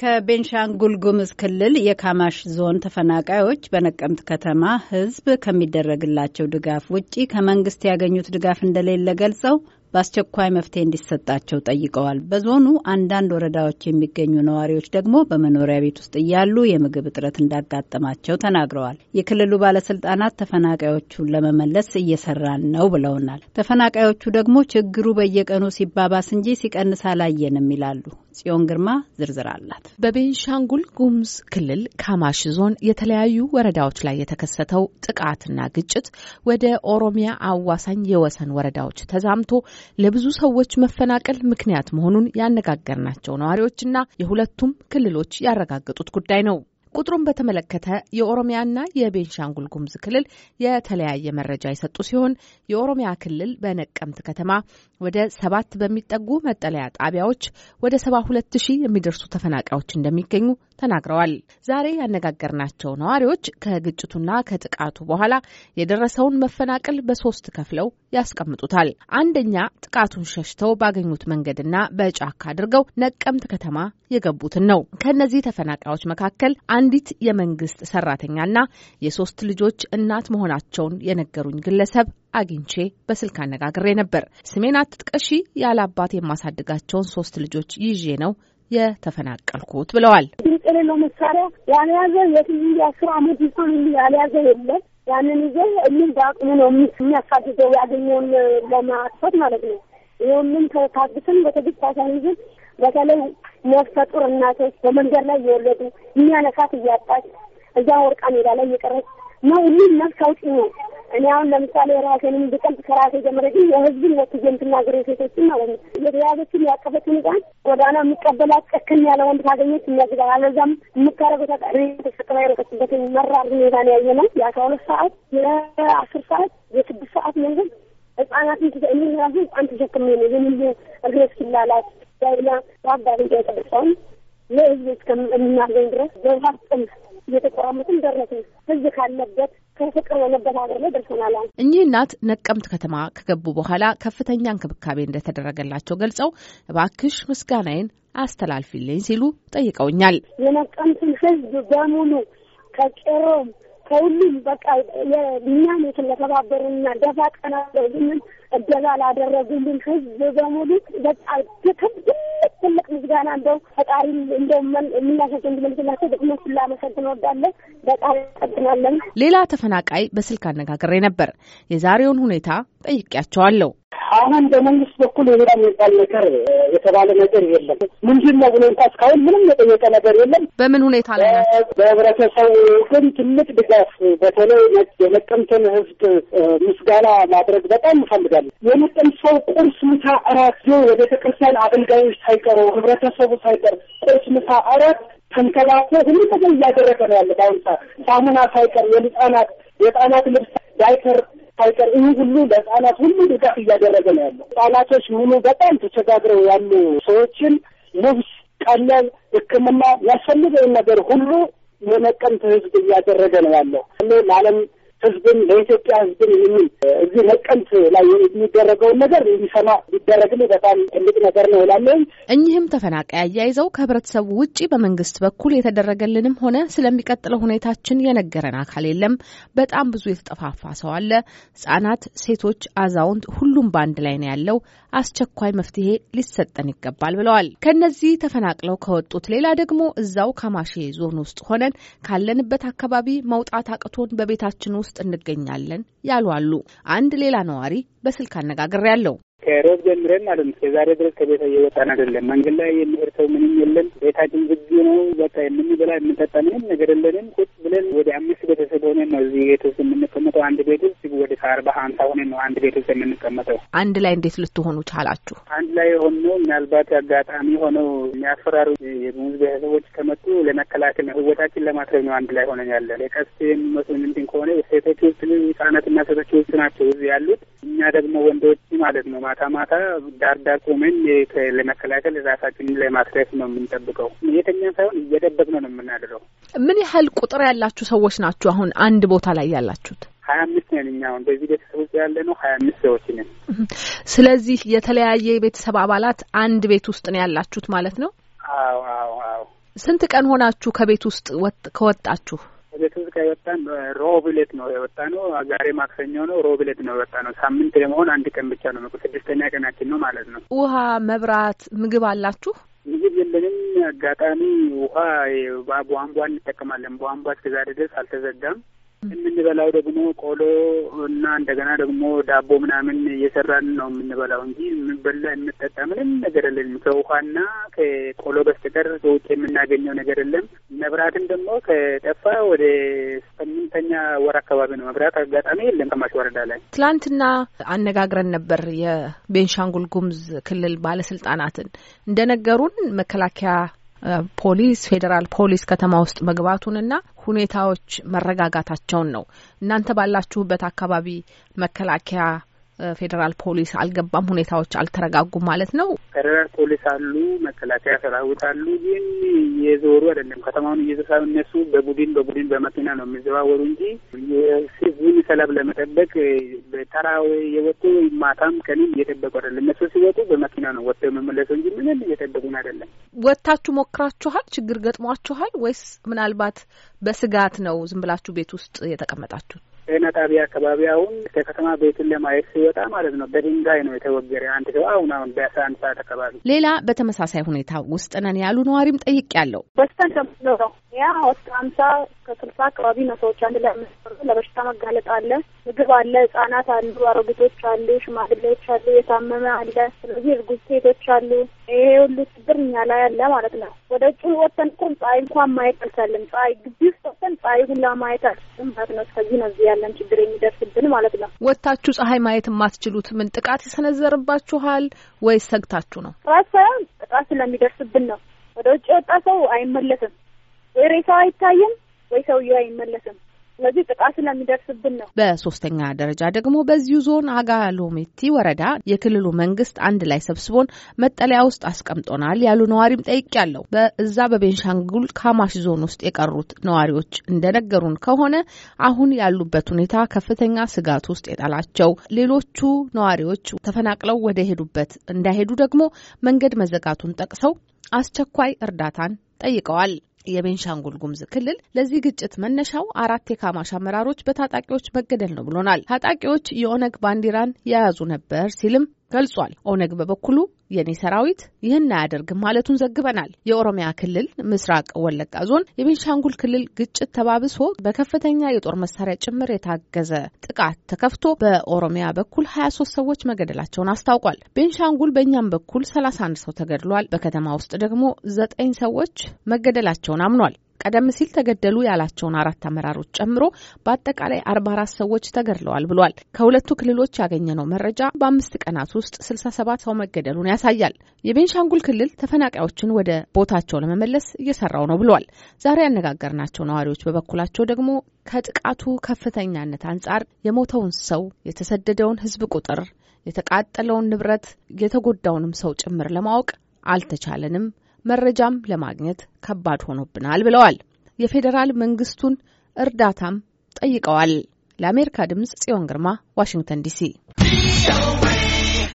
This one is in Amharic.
ከቤንሻንጉል ጉምዝ ክልል የካማሽ ዞን ተፈናቃዮች በነቀምት ከተማ ሕዝብ ከሚደረግላቸው ድጋፍ ውጪ ከመንግስት ያገኙት ድጋፍ እንደሌለ ገልጸው በአስቸኳይ መፍትሄ እንዲሰጣቸው ጠይቀዋል። በዞኑ አንዳንድ ወረዳዎች የሚገኙ ነዋሪዎች ደግሞ በመኖሪያ ቤት ውስጥ እያሉ የምግብ እጥረት እንዳጋጠማቸው ተናግረዋል። የክልሉ ባለስልጣናት ተፈናቃዮቹን ለመመለስ እየሰራን ነው ብለውናል። ተፈናቃዮቹ ደግሞ ችግሩ በየቀኑ ሲባባስ እንጂ ሲቀንስ አላየንም ይላሉ። ጽዮን ግርማ ዝርዝር አላት። በቤንሻንጉል ጉሙዝ ክልል ካማሽ ዞን የተለያዩ ወረዳዎች ላይ የተከሰተው ጥቃትና ግጭት ወደ ኦሮሚያ አዋሳኝ የወሰን ወረዳዎች ተዛምቶ ለብዙ ሰዎች መፈናቀል ምክንያት መሆኑን ያነጋገርናቸው ነዋሪዎችና የሁለቱም ክልሎች ያረጋገጡት ጉዳይ ነው። ቁጥሩን በተመለከተ የኦሮሚያና የቤንሻንጉል ጉሙዝ ክልል የተለያየ መረጃ የሰጡ ሲሆን የኦሮሚያ ክልል በነቀምት ከተማ ወደ ሰባት በሚጠጉ መጠለያ ጣቢያዎች ወደ ሰባ ሁለት ሺህ የሚደርሱ ተፈናቃዮች እንደሚገኙ ተናግረዋል። ዛሬ ያነጋገርናቸው ነዋሪዎች ከግጭቱና ከጥቃቱ በኋላ የደረሰውን መፈናቀል በሶስት ከፍለው ያስቀምጡታል። አንደኛ ጥቃቱን ሸሽተው ባገኙት መንገድና በጫካ አድርገው ነቀምት ከተማ የገቡትን ነው። ከእነዚህ ተፈናቃዮች መካከል አንዲት የመንግስት ሰራተኛና የሶስት ልጆች እናት መሆናቸውን የነገሩኝ ግለሰብ አግኝቼ በስልክ አነጋግሬ ነበር። ስሜን አትጥቀሺ፣ ያለ አባት የማሳድጋቸውን ሶስት ልጆች ይዤ ነው የተፈናቀልኩት ብለዋል። ድምጽ የሌለው መሳሪያ ያልያዘ የትዩ አስር አመት ይሆን ያልያዘ የለም። ያንን ይዘ እምን በአቅሙ ነው የሚያሳድገው ያገኘውን ለማስፈት ማለት ነው። ይህምን ታግስን በትዕግስት አሳይዘን በተለይ ነፍሰ ጡር እናቶች በመንገድ ላይ እየወለዱ የሚያነሳት እያጣች እዛ ወርቃ ሜዳ ላይ እየቀረች ነው። ሁሉም ነፍስ አውጪ ነው። እኔ አሁን ለምሳሌ ራሴንም ብቀልጥ ከራሴ ጀምረ ግን የህዝብን ወክዬ የምትናገር ሴቶችን ማለት ነው የተያዘችን ያቀፈች ህጻን ጎዳና የሚቀበላት ጨክን ያለ ወንድ ካገኘች የሚያግዛል። አለዛም የምታደረገው ታጣሪ ተሸክማ የረቀችበት መራር ሁኔታ ነው ያየ ነው። የአስራ ሁለት ሰዓት የአስር ሰዓት የስድስት ሰዓት መንገድ ህጻናትን እኔ ራሱ ህጻን ተሸክሜ ነው የምን እግሬ ሲላላት ዳይላ አዳርጌ ጠብቀውን ለህዝብ እስከምናገኝ ድረስ በውሀብ ጥም እየተቆራመጥን ደረስን። ህዝብ ካለበት ከፍቅር የሆነበት ሀገር ላይ ደርሰናል። እኚህ እናት ነቀምት ከተማ ከገቡ በኋላ ከፍተኛ እንክብካቤ እንደተደረገላቸው ገልጸው እባክሽ ምስጋናዬን አስተላልፊልኝ ሲሉ ጠይቀውኛል። የነቀምትን ህዝብ በሙሉ ከቄሮም ከሁሉም በቃ እኛን የተለተባበሩና ደፋ ቀና ብለን እገዛ ላደረጉልን ህዝብ በሙሉ በቃ ትልቅ ትልቅ ምስጋና እንደው ፈጣሪ እንደው የምናሰግን መልስላቸው ደግሞ ስላመሰግን ወዳለን በጣም አመሰግናለን። ሌላ ተፈናቃይ በስልክ አነጋግሬ ነበር። የዛሬውን ሁኔታ ጠይቄያቸዋለሁ። አሁን በመንግስት በኩል የብራ የሚባል ነገር የተባለ ነገር የለም። ምንድን ነው ብሎ እንኳ እስካሁን ምንም የጠየቀ ነገር የለም። በምን ሁኔታ ላይ ናቸው? በህብረተሰቡ ግን ትልቅ ድጋፍ፣ በተለይ የመቀምትን ህዝብ ምስጋና ማድረግ በጣም እንፈልጋለን። የመቀም ሰው ቁርስ፣ ምሳ፣ እራት የቤተ ክርስቲያን አገልጋዮች ሳይቀሩ ህብረተሰቡ ሳይቀር ቁርስ፣ ምሳ፣ እራት ተንከባክቦ ሁሉ ነገር እያደረገ ነው ያለ። በአሁኑ ሰዓት ሳሙና ሳይቀር የህጻናት የህጻናት ልብስ ዳይፐር ሳይቀር ይህ ሁሉ ለህጻናት ሁሉ ድጋፍ እያደረገ ነው ያለው። ህጻናቶች ምኑ በጣም ተቸጋግረው ያሉ ሰዎችን ልብስ፣ ቀለብ፣ ሕክምና ያስፈልገውን ነገር ሁሉ የነቀምት ህዝብ እያደረገ ነው ያለው። እኔ ለዓለም ህዝብን ለኢትዮጵያ ህዝብን የሚል እዚህ ነቀምት ላይ የሚደረገውን ነገር እንዲሰማ ቢደረግል በጣም ትልቅ ነገር ነው እላለሁ። እኚህም ተፈናቃይ አያይዘው ከህብረተሰቡ ውጭ በመንግስት በኩል የተደረገልንም ሆነ ስለሚቀጥለው ሁኔታችን የነገረን አካል የለም። በጣም ብዙ የተጠፋፋ ሰው አለ። ህጻናት፣ ሴቶች፣ አዛውንት ሁሉም በአንድ ላይ ነው ያለው። አስቸኳይ መፍትሄ ሊሰጠን ይገባል ብለዋል። ከነዚህ ተፈናቅለው ከወጡት ሌላ ደግሞ እዛው ካማሼ ዞን ውስጥ ሆነን ካለንበት አካባቢ መውጣት አቅቶን በቤታችን ውስጥ እንገኛለን ያሉ አሉ። አንድ ሌላ ነዋሪ በስልክ አነጋግሬ ያለው ከሮብ ጀምረን ማለት ነው እስከዛሬ ድረስ ከቤት እየወጣን አይደለም። መንገድ ላይ የሚሄድ ሰው ምንም የለም። ቤታችን ዝግ ነው። በቃ የምንበላ የምንጠጣ ምንም ነገር የለንም። ቁጭ ብለን ወደ አምስት ቤተሰብ ሆነ ነው እዚህ ቤት ውስጥ የምንቀመጠው። አንድ ቤት ውስጥ ወደ ከአርባ ሀምሳ ሆነ ነው አንድ ቤት ውስጥ የምንቀመጠው። አንድ ላይ እንዴት ልትሆኑ ቻላችሁ? አንድ ላይ የሆነው ምናልባት አጋጣሚ ሆነው የሚያፈራሩ የሙዝ ቤተሰቦች ከመጡ ለመከላከል ህወታችን ለማትረብ ነው። አንድ ላይ ሆነን ያለ ለቀስ የሚመስሉ ምንድን ከሆነ ሴቶች ውስጥ ህጻናትና ሴቶች ውስጥ ናቸው እዚህ ያሉት፣ እኛ ደግሞ ወንዶች ማለት ነው። ማታ ማታ ዳር ዳር ቆመን ለመከላከል ራሳችንን ለማትረፍ ነው የምንጠብቀው። የተኛ ሳይሆን እየደበቅን ነው ነው የምናድረው። ምን ያህል ቁጥር ያላችሁ ሰዎች ናችሁ አሁን አንድ ቦታ ላይ ያላችሁት? ሀያ አምስት ነን እኛ አሁን በዚህ ቤተሰብ ውስጥ ያለ ነው ሀያ አምስት ሰዎች ነን። ስለዚህ የተለያየ የቤተሰብ አባላት አንድ ቤት ውስጥ ነው ያላችሁት ማለት ነው? አዎ አዎ አዎ። ስንት ቀን ሆናችሁ ከቤት ውስጥ ወጥ ከወጣችሁ? ከቤት ውስጥ ከወጣን ሮብ ዕለት ነው የወጣ ነው። ዛሬ ማክሰኞ ነው። ሮብ ዕለት ነው የወጣ ነው። ሳምንት ለመሆን አንድ ቀን ብቻ ነው። ስድስተኛ ቀናችን ነው ማለት ነው። ውሃ፣ መብራት፣ ምግብ አላችሁ? ምግብ የለንም። አጋጣሚ ውሃ ቧንቧ እንጠቀማለን። ቧንቧ እስከዛሬ ድረስ አልተዘጋም። የምንበላው ደግሞ ቆሎ እና እንደገና ደግሞ ዳቦ ምናምን እየሰራን ነው የምንበላው እንጂ የምንበላ የምጠጣ ምንም ነገር የለም። ከውሃና ከቆሎ በስተቀር ከውጭ የምናገኘው ነገር የለም። መብራትም ደግሞ ከጠፋ ወደ ስምንተኛ ወር አካባቢ ነው። መብራት አጋጣሚ የለም ከማሽ ወረዳ ላይ። ትላንትና አነጋግረን ነበር የቤንሻንጉል ጉሙዝ ክልል ባለስልጣናትን እንደነገሩን መከላከያ ፖሊስ፣ ፌዴራል ፖሊስ ከተማ ውስጥ መግባቱንና ሁኔታዎች መረጋጋታቸውን ነው። እናንተ ባላችሁበት አካባቢ መከላከያ ፌዴራል ፖሊስ አልገባም፣ ሁኔታዎች አልተረጋጉም ማለት ነው። ፌዴራል ፖሊስ አሉ፣ መከላከያ ሰራዊት አሉ። ግን እየዞሩ አይደለም ከተማውን እየተሳብ እነሱ በቡድን በቡድን በመኪና ነው የሚዘዋወሩ እንጂ የሲቪል ሰላም ለመጠበቅ በተራ የወጡ ማታም ቀንም እየጠበቁ አይደለም። እነሱ ሲወጡ በመኪና ነው ወጥተው የመመለሱ እንጂ ምንም እየጠበቁን አይደለም። ወጥታችሁ ሞክራችኋል? ችግር ገጥሟችኋል? ወይስ ምናልባት በስጋት ነው ዝም ብላችሁ ቤት ውስጥ የተቀመጣችሁት? ጤና ጣቢያ አካባቢ አሁን ከከተማ ቤቱን ለማየት ሲወጣ ማለት ነው በድንጋይ ነው የተወገረ አንድ ሰው አሁን አሁን በአስራ አንድ ሰዓት አካባቢ። ሌላ በተመሳሳይ ሁኔታ ውስጥ ነን ያሉ ነዋሪም ጠይቅ ያለው በስተን ተብሎ ነው ያ ወስጥ ሀምሳ ከስልሳ አካባቢ ነው ሰዎች አንድ ላይ የሚኖሩ። ለበሽታ መጋለጥ አለ፣ ምግብ አለ፣ ህጻናት አሉ፣ አሮጊቶች አሉ፣ ሽማግሌዎች አሉ፣ የታመመ አለ። ስለዚህ እርጉዝ ሴቶች አሉ። ይሄ ሁሉ ችግር እኛ ላይ አለ ማለት ነው። ወደ ውጭ ወጥተን እኮ ፀሐይ እንኳን ማየት አልቻለም። ፀሐይ ግቢ ውስጥ ወጥተን ፀሐይ ሁላ ማየት አልችልም ማለት ነው። እስከዚህ ነው እዚህ ያለ አይደለም ችግር የሚደርስብን ማለት ነው። ወጥታችሁ ፀሐይ ማየት የማትችሉት ምን ጥቃት ይሰነዘርባችኋል ወይስ ሰግታችሁ ነው? ጥቃት ሳይሆን ጥቃት ስለሚደርስብን ነው። ወደ ውጭ የወጣ ሰው አይመለስም። ወይ ሬሳው አይታይም ወይ ሰውየው አይመለስም። ስለዚህ ጥቃት ስለሚደርስብን ነው። በሶስተኛ ደረጃ ደግሞ በዚሁ ዞን አጋሎሜቲ ወረዳ የክልሉ መንግስት አንድ ላይ ሰብስቦን መጠለያ ውስጥ አስቀምጦናል ያሉ ነዋሪም ጠይቄያለሁ። በእዛ በቤንሻንጉል ካማሽ ዞን ውስጥ የቀሩት ነዋሪዎች እንደነገሩን ከሆነ አሁን ያሉበት ሁኔታ ከፍተኛ ስጋት ውስጥ የጣላቸው፣ ሌሎቹ ነዋሪዎች ተፈናቅለው ወደ ሄዱበት እንዳይሄዱ ደግሞ መንገድ መዘጋቱን ጠቅሰው አስቸኳይ እርዳታን ጠይቀዋል። የቤንሻንጉል ጉሙዝ ክልል ለዚህ ግጭት መነሻው አራት የካማሽ አመራሮች በታጣቂዎች መገደል ነው ብሎናል። ታጣቂዎች የኦነግ ባንዲራን የያዙ ነበር ሲልም ገልጿል። ኦነግ በበኩሉ የኔ ሰራዊት ይህን አያደርግም ማለቱን ዘግበናል። የኦሮሚያ ክልል ምስራቅ ወለጋ ዞን የቤንሻንጉል ክልል ግጭት ተባብሶ በከፍተኛ የጦር መሳሪያ ጭምር የታገዘ ጥቃት ተከፍቶ በኦሮሚያ በኩል 23 ሰዎች መገደላቸውን አስታውቋል። ቤንሻንጉል በእኛም በኩል 31 ሰው ተገድሏል። በከተማ ውስጥ ደግሞ ዘጠኝ ሰዎች መገደላቸውን አምኗል። ቀደም ሲል ተገደሉ ያላቸውን አራት አመራሮች ጨምሮ በአጠቃላይ አርባ አራት ሰዎች ተገድለዋል ብሏል። ከሁለቱ ክልሎች ያገኘነው መረጃ በአምስት ቀናት ውስጥ ስልሳ ሰባት ሰው መገደሉን ያሳያል። የቤንሻንጉል ክልል ተፈናቃዮችን ወደ ቦታቸው ለመመለስ እየሰራው ነው ብሏል። ዛሬ ያነጋገርናቸው ነዋሪዎች በበኩላቸው ደግሞ ከጥቃቱ ከፍተኛነት አንጻር የሞተውን ሰው፣ የተሰደደውን ህዝብ ቁጥር፣ የተቃጠለውን ንብረት፣ የተጎዳውንም ሰው ጭምር ለማወቅ አልተቻለንም፣ መረጃም ለማግኘት ከባድ ሆኖብናል ብለዋል። የፌዴራል መንግስቱን እርዳታም ጠይቀዋል። ለአሜሪካ ድምጽ ጽዮን ግርማ ዋሽንግተን ዲሲ